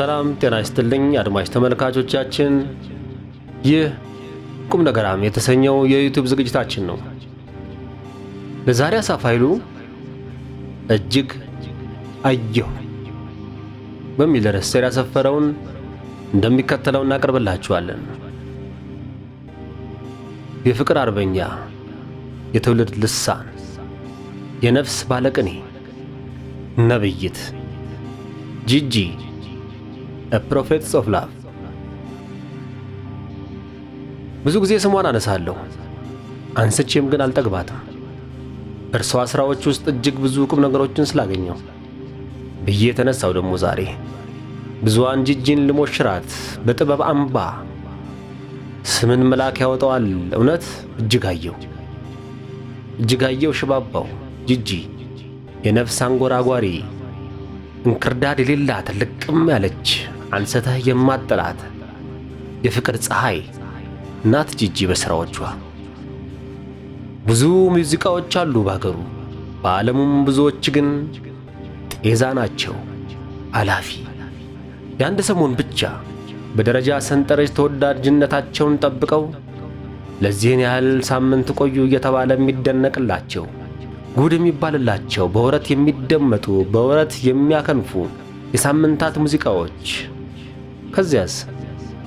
ሰላም ጤና ይስጥልኝ አድማጭ ተመልካቾቻችን፣ ይህ ቁም ነገራም የተሰኘው የዩቲዩብ ዝግጅታችን ነው። ለዛሬ አሳፋይሉ እጅግ አየሁ በሚል ርዕስ ስር ያሰፈረውን እንደሚከተለው እናቀርብላችኋለን። የፍቅር አርበኛ፣ የትውልድ ልሳን፣ የነፍስ ባለቅኔ፣ ነብይት ጂጂ ፕሮፌትስ ኦፍ ላቭ ብዙ ጊዜ ስሟን አነሳለሁ፣ አንስቼም ግን አልጠግባትም። እርሷ ሥራዎች ውስጥ እጅግ ብዙ ቁም ነገሮችን ስላገኘው ብዬ የተነሳው ደግሞ ዛሬ ብዙዋን ጂጂን ልሞሽራት በጥበብ አምባ ስምን መልአክ ያወጣዋል። እውነት እጅጋየው እጅጋየው ሽባባው ጅጂ የነፍስ አንጎራጓሪ እንክርዳድ የሌላት ልቅም ያለች አንስተህ የማጥላት የፍቅር ፀሐይ ናት ጂጂ በሥራዎቿ። ብዙ ሙዚቃዎች አሉ በሀገሩ፣ በዓለሙም ብዙዎች ግን ጤዛ ናቸው አላፊ። የአንድ ሰሞን ብቻ በደረጃ ሰንጠረዥ ተወዳጅነታቸውን ጠብቀው ለዚህን ያህል ሳምንት ቆዩ እየተባለ የሚደነቅላቸው ጉድ የሚባልላቸው በወረት የሚደመጡ በወረት የሚያከንፉ የሳምንታት ሙዚቃዎች ከዚያስ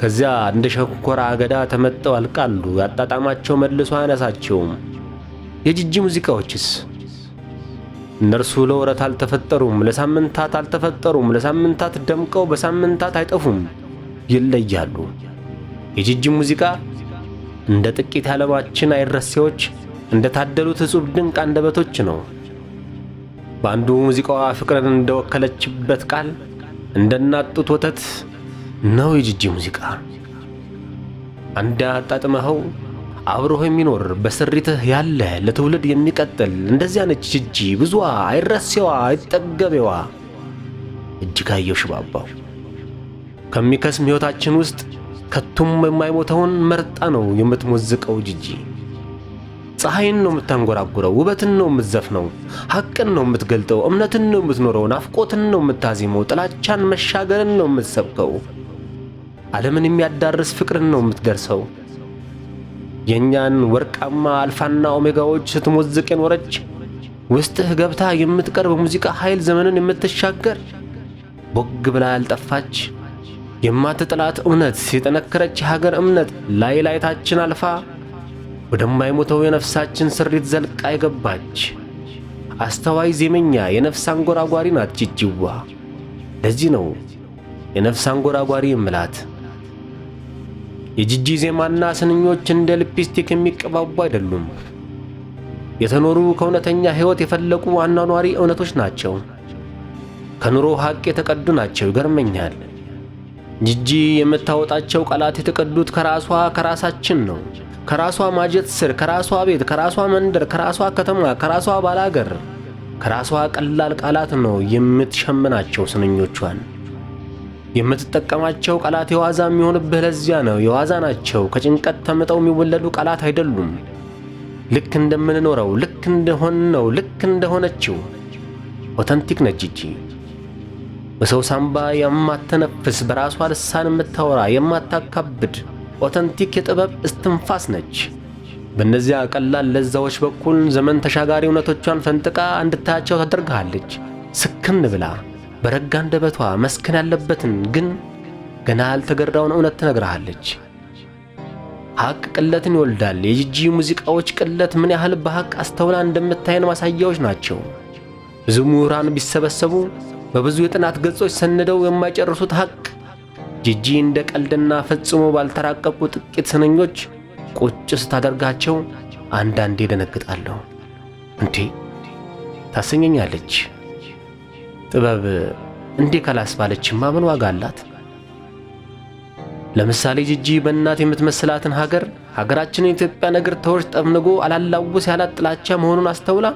ከዚያ እንደ ሸንኮራ አገዳ ተመጠው አልቃሉ። ያጣጣማቸው መልሶ አያነሳቸውም። የጅጂ ሙዚቃዎችስ? እነርሱ ለወረት አልተፈጠሩም፣ ለሳምንታት አልተፈጠሩም። ለሳምንታት ደምቀው በሳምንታት አይጠፉም፣ ይለያሉ። የጅጂ ሙዚቃ እንደ ጥቂት የዓለማችን አይረሴዎች እንደ ታደሉት እጹብ ድንቅ አንደበቶች ነው። በአንዱ ሙዚቃዋ ፍቅርን እንደወከለችበት ቃል እንደናጡት ወተት ነው የጂጂ ሙዚቃ። አንድ አጣጥመኸው አብሮህ የሚኖር በስሪትህ ያለ ለትውልድ የሚቀጥል እንደዚያ ነች ጅጂ ብዙዋ፣ አይረሴዋ፣ አይጠገቤዋ እጅጋየሁ ሽባባው ከሚከስም ሕይወታችን ውስጥ ከቱም የማይሞተውን መርጣ ነው የምትሞዝቀው ጅጂ ፀሐይን ነው የምታንጎራጉረው፣ ውበትን ነው የምትዘፍነው፣ ሐቅን ነው የምትገልጠው፣ እምነትን ነው የምትኖረው፣ ናፍቆትን ነው የምታዜመው፣ ጥላቻን መሻገርን ነው የምትሰብከው። ዓለምን የሚያዳርስ ፍቅርን ነው የምትደርሰው። የእኛን ወርቃማ አልፋና ኦሜጋዎች ስትሞዝቅ የኖረች ውስጥህ ገብታ የምትቀርብ ሙዚቃ ኃይል ዘመንን የምትሻገር ቦግ ብላ ያልጠፋች የማትጥላት እውነት የጠነከረች የሀገር እምነት ላይ ላይታችን አልፋ ወደማይሞተው የነፍሳችን ስሪት ዘልቃ የገባች አስተዋይ ዜመኛ የነፍስ አንጎራጓሪ ናት ጅጅዋ። ለዚህ ነው የነፍስ አንጎራጓሪ እምላት። የጂጂ ዜማና ስንኞች እንደ ሊፕስቲክ የሚቀባቡ አይደሉም። የተኖሩ ከእውነተኛ ሕይወት የፈለቁ አኗኗሪ እውነቶች ናቸው። ከኑሮ ሀቅ የተቀዱ ናቸው። ይገርመኛል። ጂጂ የምታወጣቸው ቃላት የተቀዱት ከራሷ ከራሳችን ነው። ከራሷ ማጀት ስር፣ ከራሷ ቤት፣ ከራሷ መንደር፣ ከራሷ ከተማ፣ ከራሷ ባላገር፣ ከራሷ ቀላል ቃላት ነው የምትሸምናቸው ስንኞቿን። የምትጠቀማቸው ቃላት የዋዛ የሚሆንብህ ለዚያ ነው። የዋዛ ናቸው። ከጭንቀት ተምጠው የሚወለዱ ቃላት አይደሉም። ልክ እንደምንኖረው፣ ልክ እንደሆንነው ልክ እንደሆነችው ኦተንቲክ ነች እጂ በሰው ሳምባ የማተነፍስ በራሷ ልሳን የምታወራ የማታካብድ ኦተንቲክ የጥበብ እስትንፋስ ነች። በእነዚያ ቀላል ለዛዎች በኩል ዘመን ተሻጋሪ እውነቶቿን ፈንጥቃ እንድታያቸው ታደርግሃለች ስክን ብላ በረጋ አንደበቷ መስከን ያለበትን ግን ገና ያልተገራውን እውነት ትነግርሃለች። ሐቅ ቅለትን ይወልዳል። የጂጂ ሙዚቃዎች ቅለት ምን ያህል በሐቅ አስተውላ እንደምታየን ማሳያዎች ናቸው። ብዙ ምሁራን ቢሰበሰቡ በብዙ የጥናት ገጾች ሰንደው የማይጨርሱት ሐቅ ጂጂ እንደ ቀልድና ፈጽሞ ባልተራቀቁ ጥቂት ስንኞች ቁጭ ስታደርጋቸው አንዳንዴ ደነግጣለሁ። እንዴ ታሰኘኛለች። ጥበብ እንዴ ከላስ ባለችማ ምን ዋጋ አላት? ለምሳሌ ጅጂ በእናት የምትመስላትን ሀገር ሀገራችንን ኢትዮጵያ ነገር ተወርች ጠብንጎ አላላውስ ያላት ጥላቻ መሆኑን አስተውላ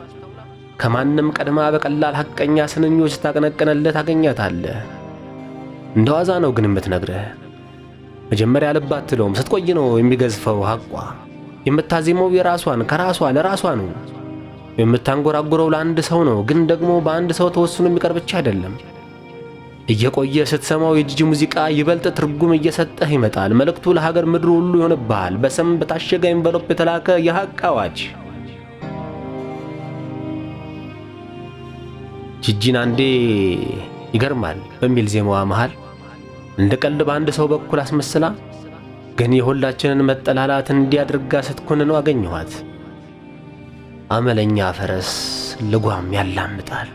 ከማንም ቀድማ በቀላል ሐቀኛ ስንኞች ስታቀነቀነለት አገኛታል እንደ ዋዛ ነው ግን የምትነግርህ። መጀመሪያ ልብ አትለውም። ስትቆይ ነው የሚገዝፈው ሐቋ። የምታዜመው የራሷን ከራሷ ለራሷ ነው። የምታንጎራጉረው ለአንድ ሰው ነው፣ ግን ደግሞ በአንድ ሰው ተወስኖ የሚቀር ብቻ አይደለም። እየቆየ ስትሰማው የጂጂ ሙዚቃ ይበልጥ ትርጉም እየሰጠህ ይመጣል። መልእክቱ ለሀገር ምድሩ ሁሉ ይሆንብሃል። በሰም በታሸገ ኤንቨሎፕ የተላከ የሀቅ አዋጅ። ጂጂን አንዴ ይገርማል በሚል ዜማዋ መሃል እንደ ቀልድ በአንድ ሰው በኩል አስመስላ ግን የሁላችንን መጠላላት እንዲያድርጋ ስትኮንነው ነው አገኘኋት። አመለኛ ፈረስ ልጓም ያላምጣል።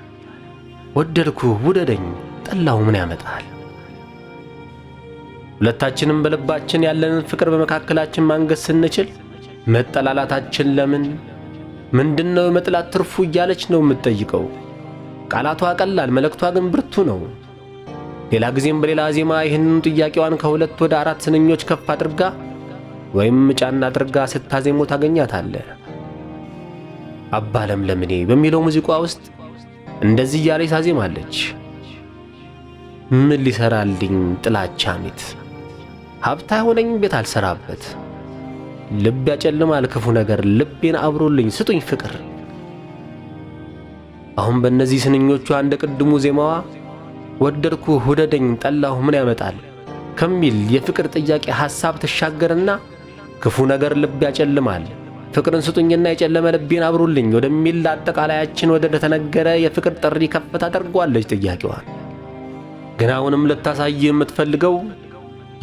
ወደድኩ ውደደኝ ጠላው ምን ያመጣል? ሁለታችንም በልባችን ያለንን ፍቅር በመካከላችን ማንገስ ስንችል መጠላላታችን ለምን ምንድነው የመጥላት ትርፉ እያለች ነው የምትጠይቀው። ቃላቷ ቀላል፣ መልእክቷ ግን ብርቱ ነው። ሌላ ጊዜም በሌላ ዜማ ይህንኑ ጥያቄዋን ከሁለት ወደ አራት ስንኞች ከፍ አድርጋ ወይም ጫና አድርጋ ስታዜሞ ታገኛታለህ። አባ ለምለምኔ በሚለው ሙዚቋ ውስጥ እንደዚህ እያለ ታዜማለች። ምን ሊሰራልኝ ጥላቻ ሚት ሀብታ ሆነኝ ቤት አልሰራበት ልብ ያጨልማል ክፉ ነገር ልቤን አብሮልኝ ስጡኝ ፍቅር። አሁን በእነዚህ ስንኞቿ እንደ ቅድሙ ዜማዋ ወደድኩ ውደደኝ ጠላሁ ምን ያመጣል ከሚል የፍቅር ጥያቄ ሐሳብ ትሻገርና ክፉ ነገር ልብ ያጨልማል ፍቅርን ስጡኝና የጨለመ ልቤን አብሩልኝ ወደሚል አጠቃላያችን ወደ ተነገረ የፍቅር ጥሪ ከፍት አድርጓለች ጥያቄዋ። ግን አሁንም ልታሳይ የምትፈልገው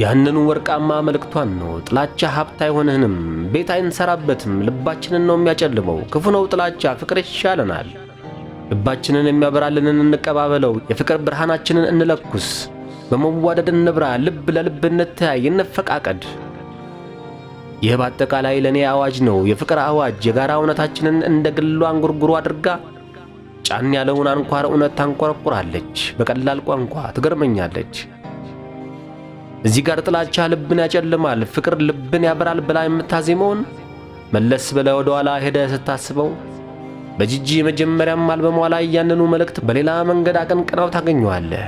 ያንኑ ወርቃማ መልእክቷን ነው። ጥላቻ ሀብት አይሆንህንም፣ ቤት አይንሰራበትም፣ ልባችንን ነው የሚያጨልመው። ክፉ ነው ጥላቻ፣ ፍቅር ይሻለናል። ልባችንን የሚያበራልንን እንቀባበለው፣ የፍቅር ብርሃናችንን እንለኩስ፣ በመዋደድ እንብራ፣ ልብ ለልብ እንተያይ፣ እንፈቃቀድ። ይህ በአጠቃላይ ለእኔ አዋጅ ነው፣ የፍቅር አዋጅ። የጋራ እውነታችንን እንደ ግሉ አንጉርጉሮ አድርጋ ጫን ያለውን አንኳር እውነት ታንቆረቁራለች። በቀላል ቋንቋ ትገርመኛለች። እዚህ ጋር ጥላቻ ልብን ያጨልማል፣ ፍቅር ልብን ያበራል ብላ የምታዜመውን መለስ ብለህ ወደ ኋላ ሄደህ ስታስበው በጂጂ መጀመሪያም አልበሟ ላይ ያንኑ መልእክት በሌላ መንገድ አቀንቅናው ታገኘዋለህ።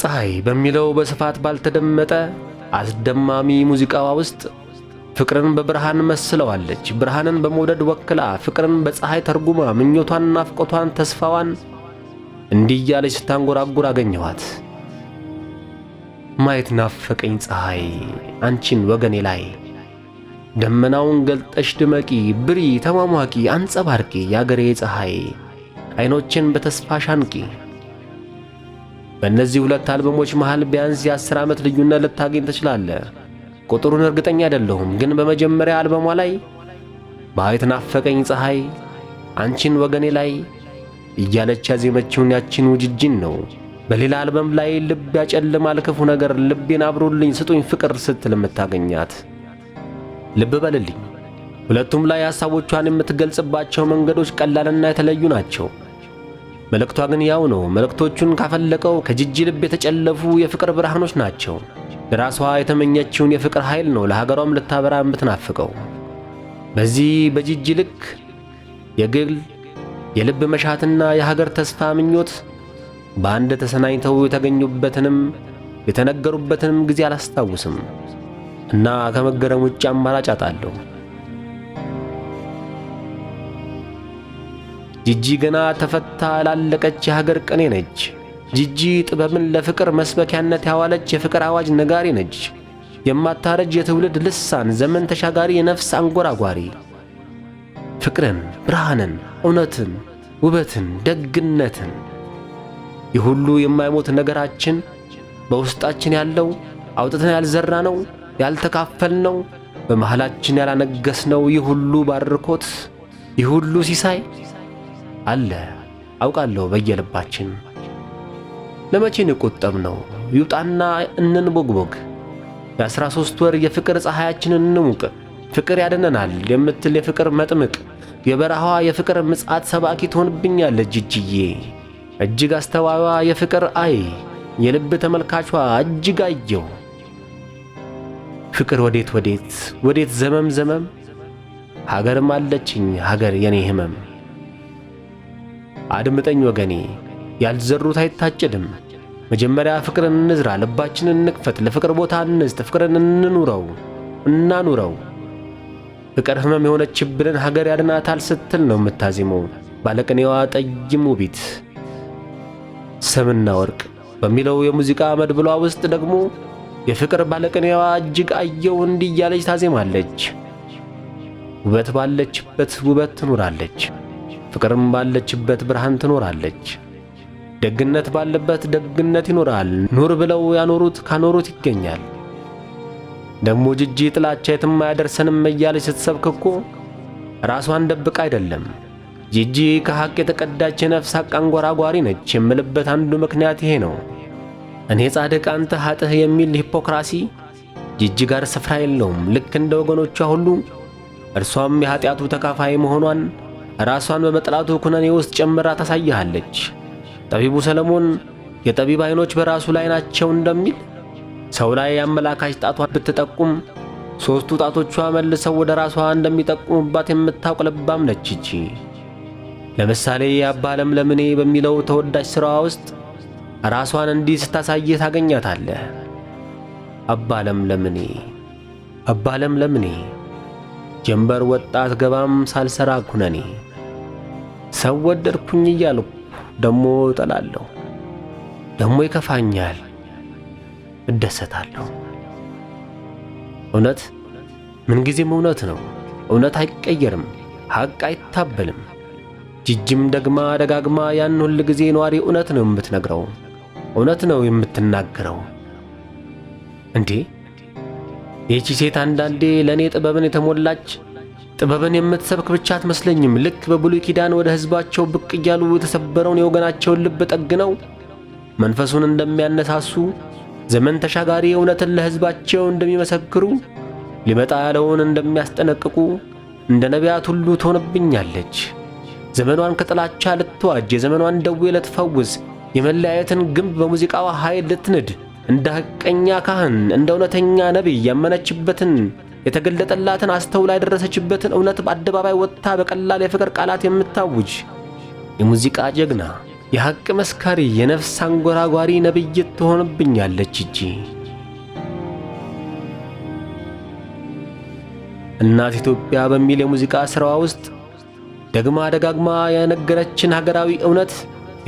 ፀሐይ በሚለው በስፋት ባልተደመጠ አስደማሚ ሙዚቃዋ ውስጥ ፍቅርን በብርሃን መስለዋለች። ብርሃንን በመውደድ ወክላ ፍቅርን በፀሐይ ተርጉማ ምኞቷን፣ ናፍቆቷን፣ ተስፋዋን እንዲህ እያለች ስታንጎራጉር አገኘኋት። ማየት ናፈቀኝ ፀሐይ አንቺን ወገኔ ላይ ደመናውን ገልጠሽ ድመቂ ብሪ ተሟሟቂ አንጸባርቂ የአገሬ ፀሐይ አይኖችን በተስፋ ሻንቂ። በእነዚህ ሁለት አልበሞች መሃል ቢያንስ የአስር ዓመት ልዩነት ልታገኝ ትችላለህ። ቁጥሩን እርግጠኛ አይደለሁም፣ ግን በመጀመሪያ አልበሟ ላይ ባይት ናፈቀኝ ፀሐይ አንቺን ወገኔ ላይ እያለች ያዜመችውን ያቺን ውጅጅን ነው። በሌላ አልበም ላይ ልብ ያጨልማል ክፉ ነገር ልቤን አብሮልኝ ስጡኝ ፍቅር ስትል የምታገኛት ልብ በልልኝ። ሁለቱም ላይ ሐሳቦቿን የምትገልጽባቸው መንገዶች ቀላልና የተለዩ ናቸው። መልእክቷ ግን ያው ነው። መልእክቶቹን ካፈለቀው ከጅጅ ልብ የተጨለፉ የፍቅር ብርሃኖች ናቸው። ለራሷ የተመኘችውን የፍቅር ኃይል ነው ለሀገሯም ልታበራ የምትናፍቀው። በዚህ በጂጂ ልክ የግል የልብ መሻትና የሀገር ተስፋ ምኞት በአንድ ተሰናኝተው የተገኙበትንም የተነገሩበትንም ጊዜ አላስታውስም እና ከመገረም ውጭ አማራጭ አጣለሁ። ጂጂ ገና ተፈታ ላለቀች የሀገር ቅኔ ነች። ጂጂ ጥበብን ለፍቅር መስበኪያነት ያዋለች የፍቅር አዋጅ ነጋሪ ነች። የማታረጅ የትውልድ ልሳን፣ ዘመን ተሻጋሪ የነፍስ አንጎራጓሪ። ፍቅርን፣ ብርሃንን፣ እውነትን፣ ውበትን፣ ደግነትን ይህ ሁሉ የማይሞት ነገራችን በውስጣችን ያለው አውጥተን ያልዘራነው ያልተካፈልነው በመሃላችን ያላነገስነው ይህ ሁሉ ባርኮት ይህ ሁሉ ሲሳይ አለ አውቃለሁ በየልባችን። ለመቼን የቆጠብ ነው? ይውጣና እንንቦግቦግ። የአስራ ሦስት ወር የፍቅር ፀሐያችንን እንሙቅ። ፍቅር ያደነናል የምትል የፍቅር መጥምቅ የበረሃዋ የፍቅር ምጽአት ሰባኪ ትሆንብኛለች ጅጅዬ። እጅግ አስተዋይዋ የፍቅር አይ የልብ ተመልካቿ እጅግ አየው። ፍቅር ወዴት ወዴት ወዴት ዘመም ዘመም ሀገርም አለችኝ ሀገር የኔ ህመም። አድምጠኝ ወገኔ ያልዘሩት አይታጨድም። መጀመሪያ ፍቅርን እንዝራ፣ ልባችንን እንክፈት፣ ለፍቅር ቦታ እንስጥ፣ ፍቅርን እንኑረው እናኑረው። ፍቅር ህመም የሆነችብንን ሀገር ያድናታል ስትል ነው የምታዜመው ባለቅኔዋ ጠይም ውቢት። ሰምና ወርቅ በሚለው የሙዚቃ መድብሏ ውስጥ ደግሞ የፍቅር ባለቅኔዋ እጅግ አየው እንዲህ እያለች ታዜማለች። ውበት ባለችበት ውበት ትኖራለች፣ ፍቅርም ባለችበት ብርሃን ትኖራለች። ደግነት ባለበት ደግነት ይኖራል። ኑር ብለው ያኖሩት ካኖሩት ይገኛል። ደግሞ ጅጂ ጥላቻ የትም አያደርሰንም እያለች ስትሰብክ እኮ ራሷን ደብቅ አይደለም። ጅጂ ከሐቅ የተቀዳች የነፍስ ሐቅ አንጎራጓሪ ነች የምልበት አንዱ ምክንያት ይሄ ነው። እኔ ጻድቅ አንተ ኃጥህ የሚል ሂፖክራሲ ጅጂ ጋር ስፍራ የለውም። ልክ እንደ ወገኖቿ ሁሉ እርሷም የኀጢአቱ ተካፋይ መሆኗን ራሷን በመጥላቱ ኩነኔ ውስጥ ጨምራ ታሳይሃለች። ጠቢቡ ሰለሞን የጠቢብ ዓይኖች በራሱ ላይ ናቸው እንደሚል ሰው ላይ የአመላካች ጣቷን ብትጠቁም ሦስቱ ጣቶቿ መልሰው ወደ ራሷ እንደሚጠቁሙባት የምታውቅ ልባም ነች። እቺ። ለምሳሌ የአባ ለምለምኔ በሚለው ተወዳጅ ሥራዋ ውስጥ ራሷን እንዲህ ስታሳይ ታገኛታለህ። አባ ለምለምኔ አባ ለምለምኔ ጀንበር ወጣት ገባም ሳልሰራ ኩነኔ ሰው ወደድኩኝ እያልኩ ደሞ እጠላለሁ፣ ደሞ ይከፋኛል፣ እደሰታለሁ። እውነት ምንጊዜም እውነት ነው። እውነት አይቀየርም፣ ሐቅ አይታበልም። ጅጅም ደግማ ደጋግማ ያን ሁል ጊዜ ነዋሪ እውነት ነው የምትነግረው፣ እውነት ነው የምትናገረው። እንዴ ይቺ ሴት አንዳንዴ ለእኔ ጥበብን የተሞላች ጥበብን የምትሰብክ ብቻ አትመስለኝም። ልክ በብሉይ ኪዳን ወደ ሕዝባቸው ብቅ እያሉ የተሰበረውን የወገናቸውን ልብ ጠግነው መንፈሱን እንደሚያነሳሱ ዘመን ተሻጋሪ እውነትን ለሕዝባቸው እንደሚመሰክሩ ሊመጣ ያለውን እንደሚያስጠነቅቁ እንደ ነቢያት ሁሉ ትሆንብኛለች። ዘመኗን ከጥላቻ ልትዋጅ፣ የዘመኗን ደዌ ልትፈውስ፣ የመለያየትን ግንብ በሙዚቃዋ ኃይል ልትንድ እንደ ሐቀኛ ካህን እንደ እውነተኛ ነቢይ ያመነችበትን የተገለጠላትን አስተውላ የደረሰችበትን እውነት በአደባባይ ወጥታ በቀላል የፍቅር ቃላት የምታውጅ የሙዚቃ ጀግና፣ የሐቅ መስካሪ፣ የነፍስ አንጎራጓሪ ነብይት ትሆንብኛለች እጂ እናት ኢትዮጵያ በሚል የሙዚቃ ሥራዋ ውስጥ ደግማ ደጋግማ የነገረችን ሀገራዊ እውነት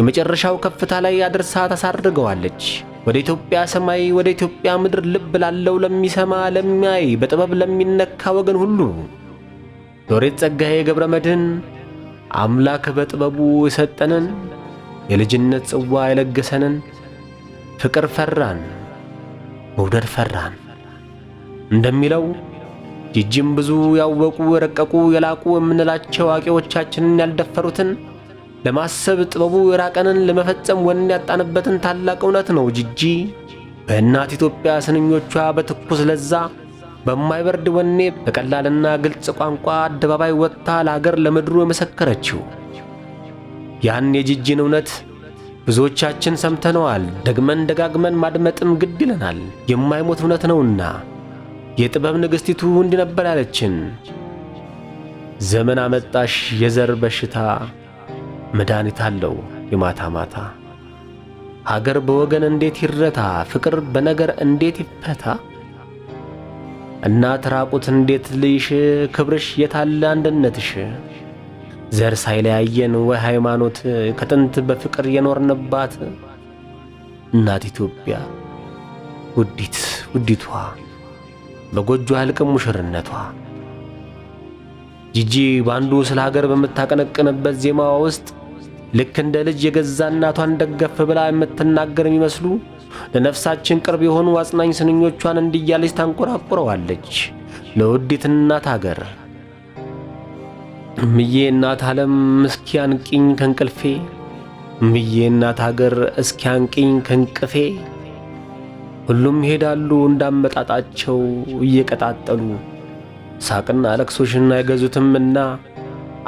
የመጨረሻው ከፍታ ላይ አድርሳ ታሳርገዋለች። ወደ ኢትዮጵያ ሰማይ ወደ ኢትዮጵያ ምድር ልብ ላለው ለሚሰማ ለሚያይ በጥበብ ለሚነካ ወገን ሁሉ ሎሬት ጸጋዬ ገብረ መድኅን አምላክ በጥበቡ የሰጠንን የልጅነት ጽዋ የለገሰንን ፍቅር ፈራን መውደድ ፈራን እንደሚለው ጅጅም ብዙ ያወቁ የረቀቁ የላቁ የምንላቸው አዋቂዎቻችንን ያልደፈሩትን ለማሰብ ጥበቡ የራቀንን ለመፈጸም ወኔ ያጣንበትን ታላቅ እውነት ነው። ጅጂ በእናት ኢትዮጵያ ስንኞቿ በትኩስ ለዛ በማይበርድ ወኔ በቀላልና ግልጽ ቋንቋ አደባባይ ወጥታ ለአገር ለምድሩ የመሰከረችው ያን የጅጂን እውነት ብዙዎቻችን ሰምተነዋል። ደግመን ደጋግመን ማድመጥም ግድ ይለናል፣ የማይሞት እውነት ነውና። የጥበብ ንግሥቲቱ እንዲህ ነበር ያለችን፦ ዘመን አመጣሽ የዘር በሽታ መድኃኒት አለው የማታ ማታ። ሀገር በወገን እንዴት ይረታ፣ ፍቅር በነገር እንዴት ይፈታ። እናት ራቁት እንዴት ልይሽ፣ ክብርሽ የታለ አንድነትሽ? ዘር ሳይለያየን ወይ ሃይማኖት፣ ከጥንት በፍቅር የኖርንባት እናት ኢትዮጵያ ውዲት ውዲቷ በጎጆ አልቅም ሙሽርነቷ። ጂጂ ባንዱ ስለ ሀገር በምታቀነቅንበት ዜማዋ ውስጥ ልክ እንደ ልጅ የገዛ እናቷን ደገፍ ብላ የምትናገር የሚመስሉ ለነፍሳችን ቅርብ የሆኑ አጽናኝ ስንኞቿን እንዲያለች ታንቆራቁረዋለች። ለውዲት እናት አገር ምዬ እናት ዓለም እስኪያንቅኝ ከንቅልፌ ምዬ እናት አገር እስኪያንቅኝ ከንቅፌ ሁሉም ይሄዳሉ እንዳመጣጣቸው እየቀጣጠሉ ሳቅና ለቅሶሽን አይገዙትምና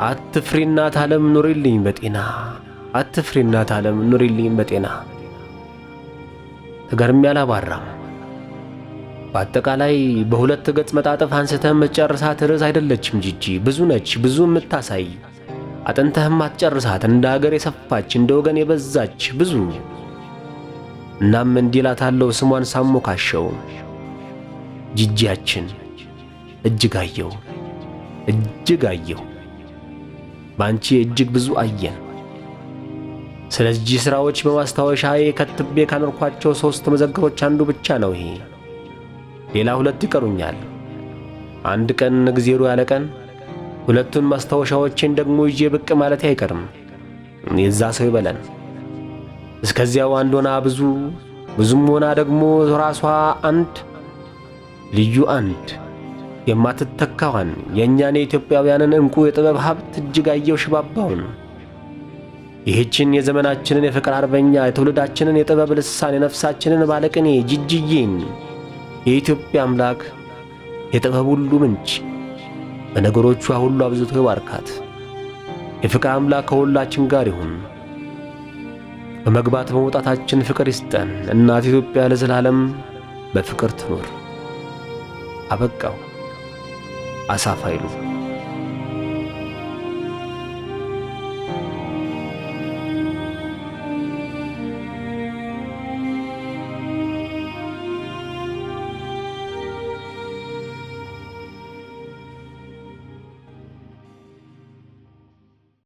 አትፍሪ እናት ዓለም ኑሪልኝ በጤና አትፍሪ እናት ዓለም ኑሪልኝ በጤና ተገርም ያላባራም በአጠቃላይ በሁለት ገጽ መጣጠፍ አንስተህ የምትጨርሳት ርዕስ አይደለችም ጂጂ። ብዙ ነች፣ ብዙ የምታሳይ አጥንተህም አትጨርሳት። እንደ ሀገር የሰፋች እንደ ወገን የበዛች ብዙ። እናም እንዲላታለው ስሟን ሳሞካሸው ጂጂያችን እጅጋየሁ እጅጋየሁ በአንቺ እጅግ ብዙ አየን። ስለዚህ ሥራዎች በማስታወሻዬ ከትቤ ካኖርኳቸው ሦስት መዘክሮች አንዱ ብቻ ነው ይሄ። ሌላ ሁለት ይቀሩኛል። አንድ ቀን እግዜሩ ያለ ቀን ሁለቱን ማስታወሻዎቼን ደግሞ ይዤ ብቅ ማለት አይቀርም። የዛ ሰው ይበለን። እስከዚያው አንድ ሆና ብዙ ብዙም ሆና ደግሞ ራሷ አንድ ልዩ አንድ የማትተካዋን የእኛን የኢትዮጵያውያንን ዕንቁ የጥበብ ሀብት እጅጋየሁ ሽባባውን ይህችን የዘመናችንን የፍቅር አርበኛ የትውልዳችንን የጥበብ ልሳን የነፍሳችንን ባለቅኔ ጅጅዬን የኢትዮጵያ አምላክ የጥበብ ሁሉ ምንጭ በነገሮቿ ሁሉ አብዝቶ ይባርካት። የፍቅር አምላክ ከሁላችን ጋር ይሁን። በመግባት በመውጣታችን ፍቅር ይስጠን። እናት ኢትዮጵያ ለዘላለም በፍቅር ትኖር። አበቃው። አሳፍ ኃይሉ